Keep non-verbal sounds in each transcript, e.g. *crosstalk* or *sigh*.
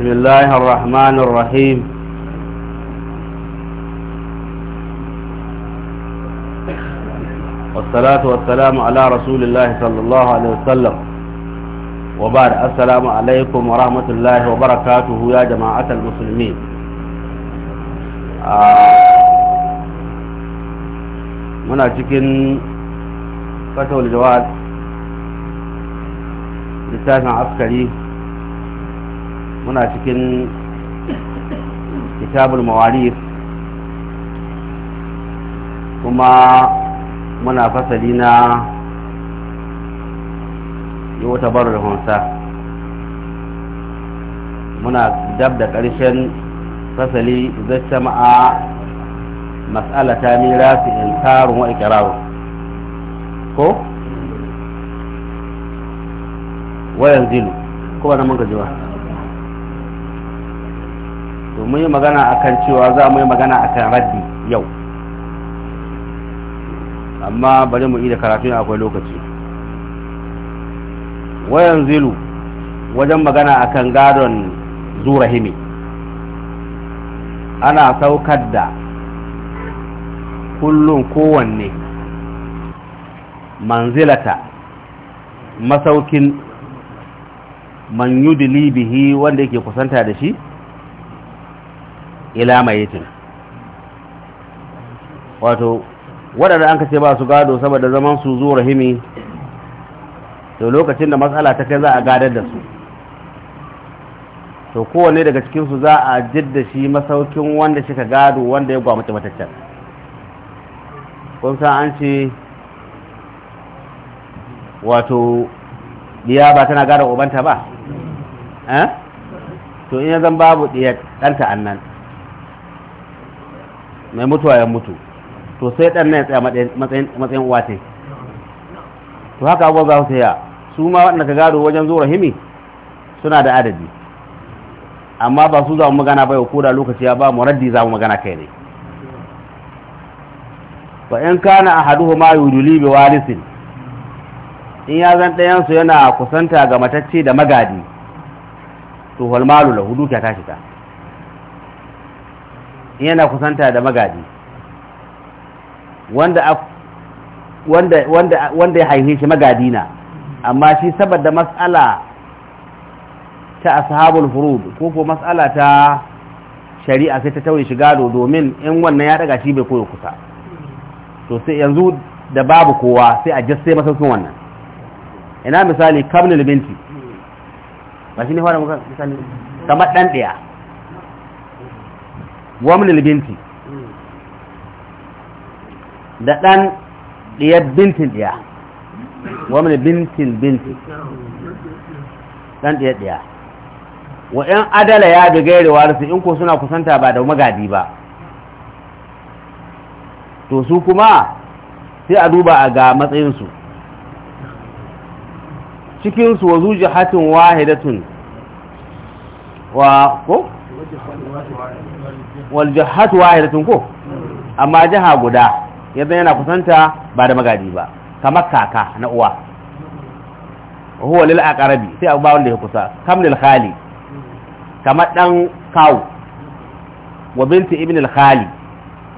بسم الله الرحمن الرحيم والصلاة والسلام على رسول الله صلى الله عليه وسلم وبعد السلام عليكم ورحمة الله وبركاته يا جماعة المسلمين muna cikin fatawar الجواد لتاسع عسكري muna cikin kitabul mawarif kuma muna fasali na yi wata barar hunsa muna dab da ƙarshen fasali zai sama'a mas'alata mira su in karun wa ikirarun ko? wayan zilu ko na mun gajiwa to mun yi magana akan cewa za mu yi magana akan raddi yau amma bari mu yi da karatu akwai lokaci wayan zilu wajen magana akan gadon zurahimi ana saukar da kullum kowanne manzilata masaukin man yudili bihi wanda yake kusanta da shi ila mayitin wato waɗanda an kace ba su gado saboda zaman su zuwa rahimi to lokacin da matsala ta kai za a gadar da su to kowanne daga cikinsu za a jidda shi masaukin wanda shi ka gado wanda ya gwamnati mataccen kun san an ce wato diya ba tana gada ubanta ba eh to in ya zan babu diya ɗanta annan mai mutuwa ya mutu to sai dan nan ya tsaya matsayin uwa ce to haka abuwa za su tsaya su ma waɗanda ka gado wajen zuwa rahimi suna da adadi amma ba su za magana ba ko da lokaci ya ba mu raddi za mu magana kai ne wa in kana ma yuduli bi walisin in ya zan ɗayansu yana kusanta ga matacce da magadi to walmalu lahu dukiya ta ta yana kusanta da magadi wanda wanda wanda wanda ya haife shi magadi na amma shi saboda mas'ala ta ashabul furud ko ko mas'ala ta shari'a sai ta tauye shiga do domin in wannan ya daga shi bai koyo kusa to sai yanzu da babu kowa sai a jasse sun wannan ina misali kamnul binti ba shi ne fara misali kamar dan daya wamlil binti da ɗan ɗiyar binti ɗiya wamlil bintin binti ɗan ɗiyar ɗiya wa ‘yan adala ya bi gairi warisi in ko suna kusanta ba da magadi ba to su kuma sai a duba a ga matsayinsu cikinsu wa zuji hatin wahidatun wa ko? waljahatu wahidatun ko amma jiha guda yadda yana kusanta ba da magaji ba kamar kaka na uwa huwa lil aqrabi sai abu ba wanda ya kusa kam lil khali kamar dan kawu wa binti ibn al khali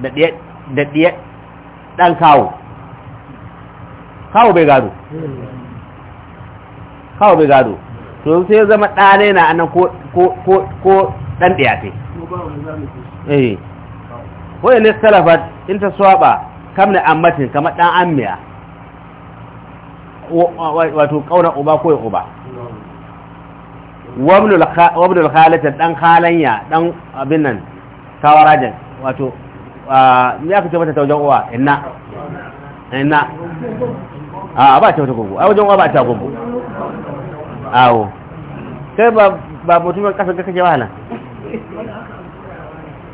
da diya da diya dan kawu kawu bai gado kawu bai gado to sai zama dane na anan ko ko ko dan ɗaya sai, yi wani ne salafat in ta swaba kamna ammatin kamar ɗan ammiya wato ƙaunar uba ko uba wabnul khalatin ɗan halanya ɗan abin nan kawarajen wato ya fi ce mata ta wajen uwa inna inna a ba ta wata gungu a wajen uwa ba ta gungu awo kai ba mutumin kasar kake wahala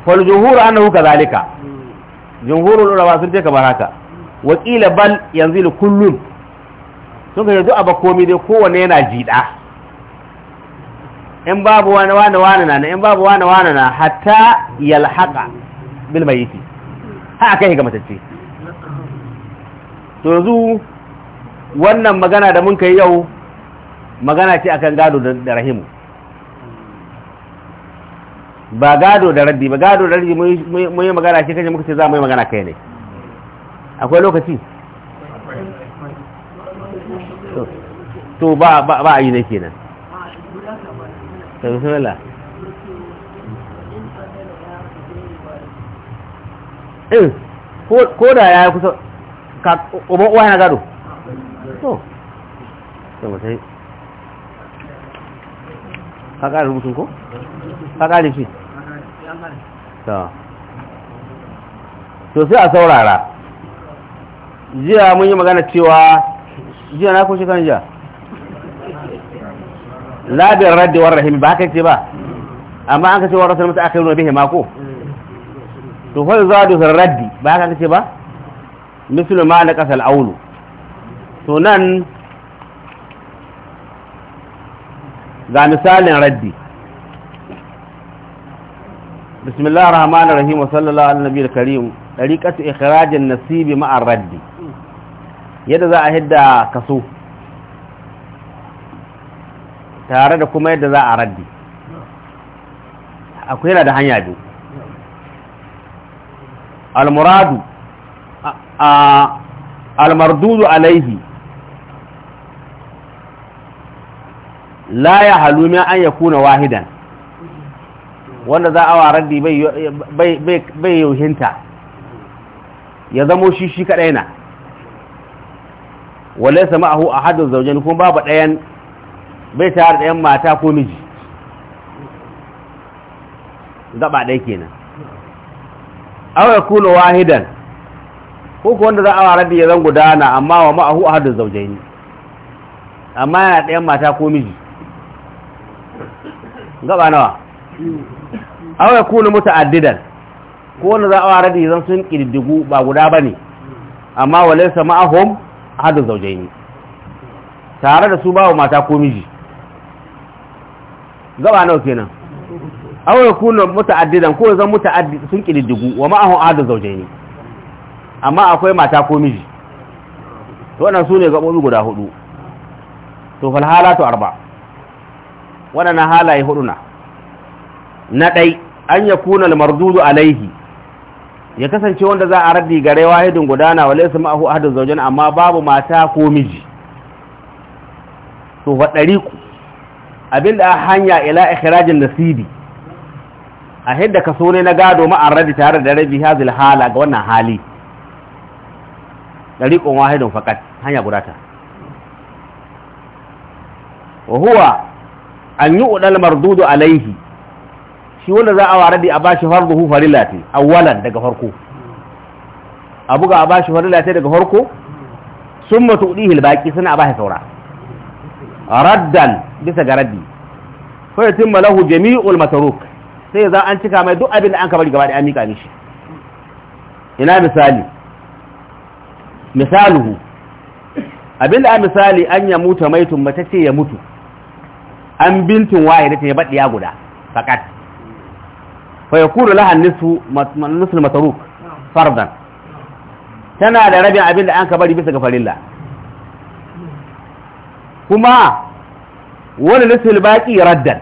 fal jumhur annahu kadhalika jumhurul ulama sun ce kamar haka wa qila bal yanzilu kullun sun ka yanzu aba komai dai kowanne yana jida in babu wani wani wani na in babu wani wani na hatta yalhaqa bil mayiti ha kai ga matacce to yanzu wannan magana da mun kai yau magana ce akan gado da rahimu ba gado da raddi ba gado da raddi mun yi magana shi kaje muka ce za mu yi magana kai ne akwai lokaci to ba ba ba yi ne kenan bismillah eh ko da ya kusa ka obo uwa na gado to to sai ka ƙara rubutun ko ka ƙara rubutun to sai a saurara jiya mun yi magana cewa jiya na kushe kan jiya labin raddewar rahimi ba haka ce ba amma an ka kace wa rasul aka yi nuna bihe mako to kwanza zuwa dusar raddi ba haka ce ba mislu ma na kasar aulu to nan ga misalin raddi بسم الله الرحمن الرحيم وصلى الله على النبي الكريم طريقة إخراج النصيب مع الرد يد ذا أهد كسو تارد كما يد ذا أرد أكوين هذا هنياجو المراد المردود عليه لا يحلو من أن يكون واحداً wanda za a wa da bai yauhinta ya zamo shi shi kaɗai na wale sama a a haddon zaujen kuma babu ɗayan bai tare ɗayan mata ko miji gaba ɗai kenan awa kuna wahidan ko wanda za a wa da ya zan gudana amma wa ma'ahu a haddon zaujen amma yana ɗayan mata ko miji gaba nawa aw yakunu addidan ko wanda za a radi zan sun kididdigu ba guda ba ne, amma walaysa ma'ahum zaujai ne, tare da su wa mata ko miji gaba nawa kenan kuna yakunu addidan ko zan muta'addi sun kididdigu wa ma'ahum zaujai ne, amma akwai mata ko miji to wannan sune gaɓoɓi guda hudu to fal halatu arba waɗannan halaye hudu na na ɗai an ya kuna mardudu alaihi ya kasance wanda za a raddi gare wahidin gudana wa laisa ma'ahu ahadin zaujan amma babu mata ko miji to wa ku abinda a hanya ila ikhrajin nasibi a hidda kaso ne na gado ma raddi tare da rabi hazil hala ga wannan hali dariqun wahidin fakat hanya gudata wa huwa an uɗal mardudu alaihi shi wanda za a da a bashi farduhu farila ce awwalan daga farko a buga a bashi farila ce daga farko sun matu ɗihil baƙi suna a bashi saura raddan bisa ga raddi ya yatimma lahu jami'ul masaruk sai za an cika mai duk abin da an ka bari gaba da an mika mishi ina misali misaluhu abin da a misali an ya mutu maitun mace ce ya mutu an bintun waye da ta ya baɗiya guda fakat فيكون لها النصف نصف المتروك فرضا tana da rabin abin da an ka bari bisa ga farilla kuma wani nisul baki raddan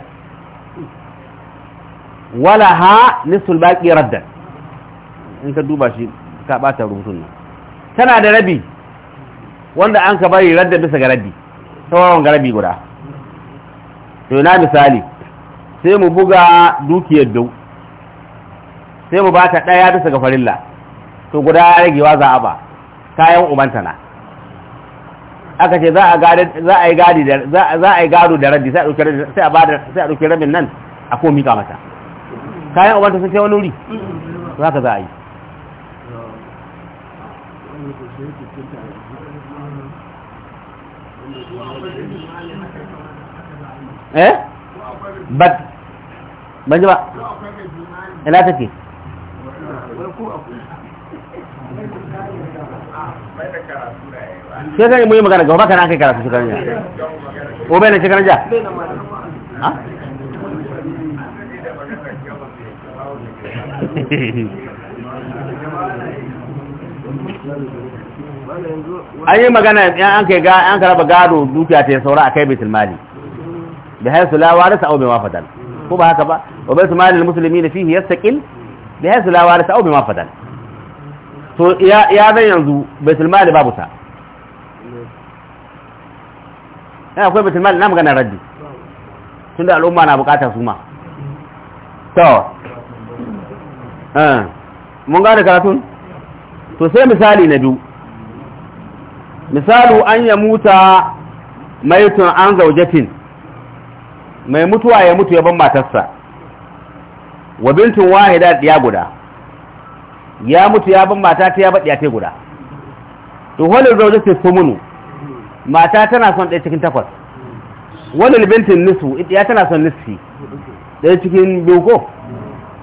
wala ha nisul baki raddan in ka duba shi ka bata rubutun nan tana da rabi wanda an ka bari raddan bisa ga rabi sauran ga rabi guda to na misali sai mu buga dukiyar dau sai mu bata ɗaya bisa ga farilla to guda wa za a ba kayan umanta na aka ce za a yi gadi za a yi gado da rabi sai a ɗauki rabin nan a ko mika mata kayan umanta sun ce wani wuri za ka za a yi eh ba ba ji ba ina take sai zai muyi magana gaba kana kai karatu shekaran ja ko bai na shekaran ja *laughs* an yi magana yan an kai an karaba gado dukiya ta saura a kai baitul mali bi haythu la warisa aw bi wafadan ko ba haka ba wa baitul mali al muslimin fihi yastaqil da yansu lawar da sa'o ma mafadal to ya zan yanzu baitul babu ta yana eh, akwai baitul na magana raddi tunda al'umma na bukata su ma to eh, mun gada karatun to sai misali na biyu misalu an ya muta maitun an zaujatin mai mutuwa ya mutu ya ban matarsa wa bintun wahida ɗiya guda ya mutu ya ban mata ta ya baɗiya ta guda to wani zaune ce su munu mata tana son ɗaya cikin takwas wani bintin nisu ya tana son nisfi ɗaya cikin biyu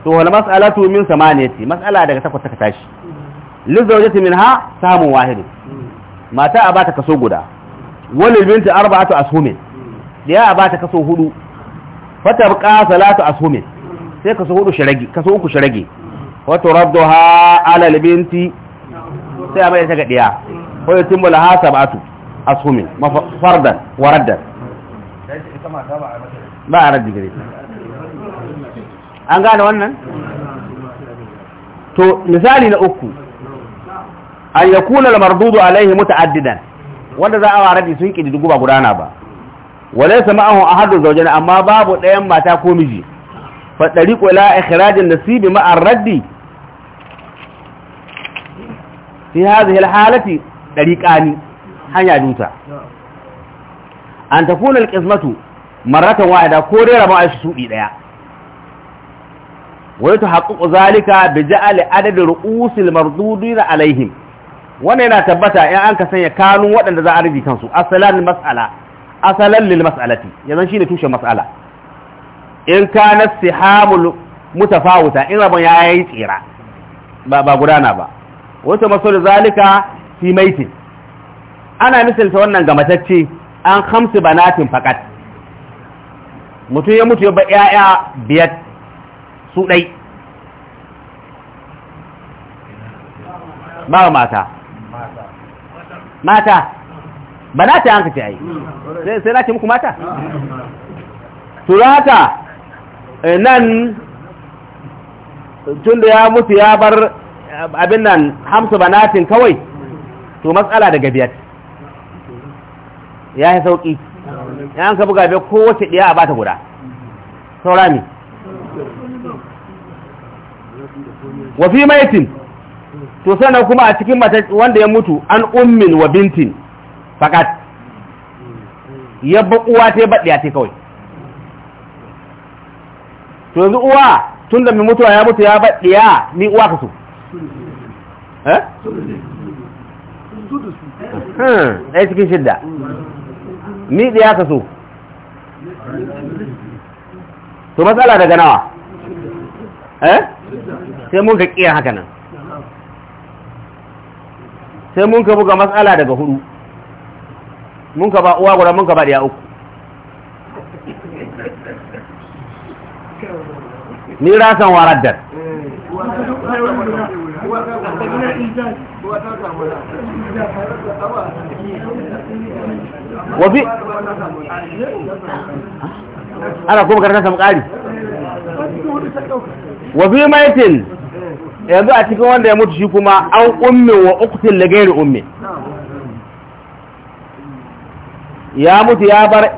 to wani mas'ala tu min samaniya ce mas'ala daga takwas ta tashi lizauje ta min ha samun wahidu mata a bata kaso guda wani bintin arba'atu asumin ɗaya a bata kaso hudu fatabqa salatu asumin sai kaso hudu shi rage kaso uku shi rage wato raddo ha ala libinti sai a bayyana ta ga diya ko yatim bala ha sabatu ashumin fardan wa raddan ba a raddi gare an gane wannan to misali na uku an yakuna al-mardudu alaihi muta'addidan wanda za a wa raddi sun kidi dugu ba gudana ba walaysa ma'ahu ahadu zawjayn amma babu ɗayan mata ko miji fa tariqu ila ikhraj an-nasib ma'a ar-radd fi hadhihi al-halati tariqani hanya duta an takuna al-qismatu maratan wa'ida ko dai raba shi sudi daya wa yatahaqqaqu zalika bi ja'li adad ru'us al-mardudin alaihim wannan yana tabbata in an ka sanya kanun waɗanda za a rubi kansu asalan mas'ala asalan lil mas'alati yanzu shine tushen mas'ala in na sihamul mutafawuta in rabon ya yi tsira ba ba gudana ba wata da zalika fi maitin ana misalta wannan ga matacce an hamsu banatin fakat mutum ya mutu ya ba ƴaƴa biyar su ɗai ba mata mata banata an ka ce ai sai na ce muku mata turata Eh, nan tun da ya mutu ya bar eh, abin nan hamsu banatin kawai to matsala daga biyar ya yi sauƙi ya an ka buga biyar kowace ɗiya a ba ta guda saurami wafi maitin to sanar kuma a cikin wanda ya mutu an ummin wa bintin fakat Yabba uwa ta yi baɗiya ta kawai to yanzu uwa tun da mai mutuwa ya mutu ya baɗiya ni uwa ka su eh ɗaya eh, cikin shidda ni ɗaya ka su to matsala daga nawa eh sai mun ka ƙiya haka nan sai mun ka buga matsala daga hudu mun ka ba uwa guda mun ka ba ɗaya uku mirasan waraddar wafi ana kuma karnar samu ƙari wafi maitin yanzu a cikin wanda ya mutu shi kuma an ummin wa uktin da gairi ummin ya mutu ya bar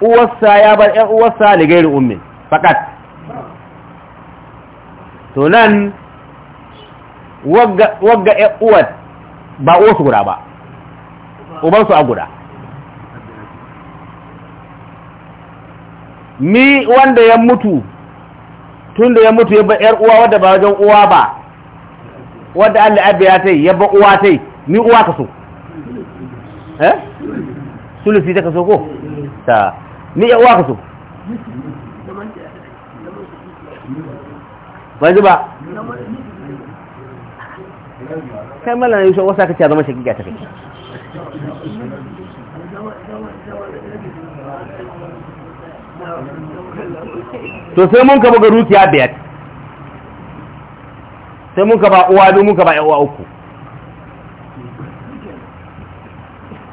uwarsa ya bar ‘yan uwarsa da gairi ummin fakat to nan wagga ya uwar ba uwarsu guda ba ubansu a guda mi wanda ya mutu tun da ya mutu ya ba yar uwa wadda ba wajen uwa ba wadda Allah abba ya tai ya ba uwa tai ni uwa ka so eh sulusi ta ka so ko ta ni ya uwa ka so ba ji ba kai mala na yusuf wasa kace zama shagiga ta kai to sai mun ka buga dukiya biyar sai mun ka ba uwa biyu mun ka ba uwa uku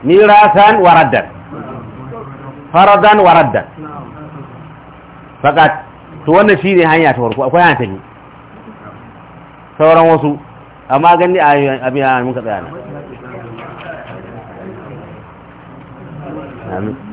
mirasan waraddan faradan waraddan fakat to wannan shine hanya ta farko akwai hanya ta biyu sauran wasu amma gani a yi abin mun ka na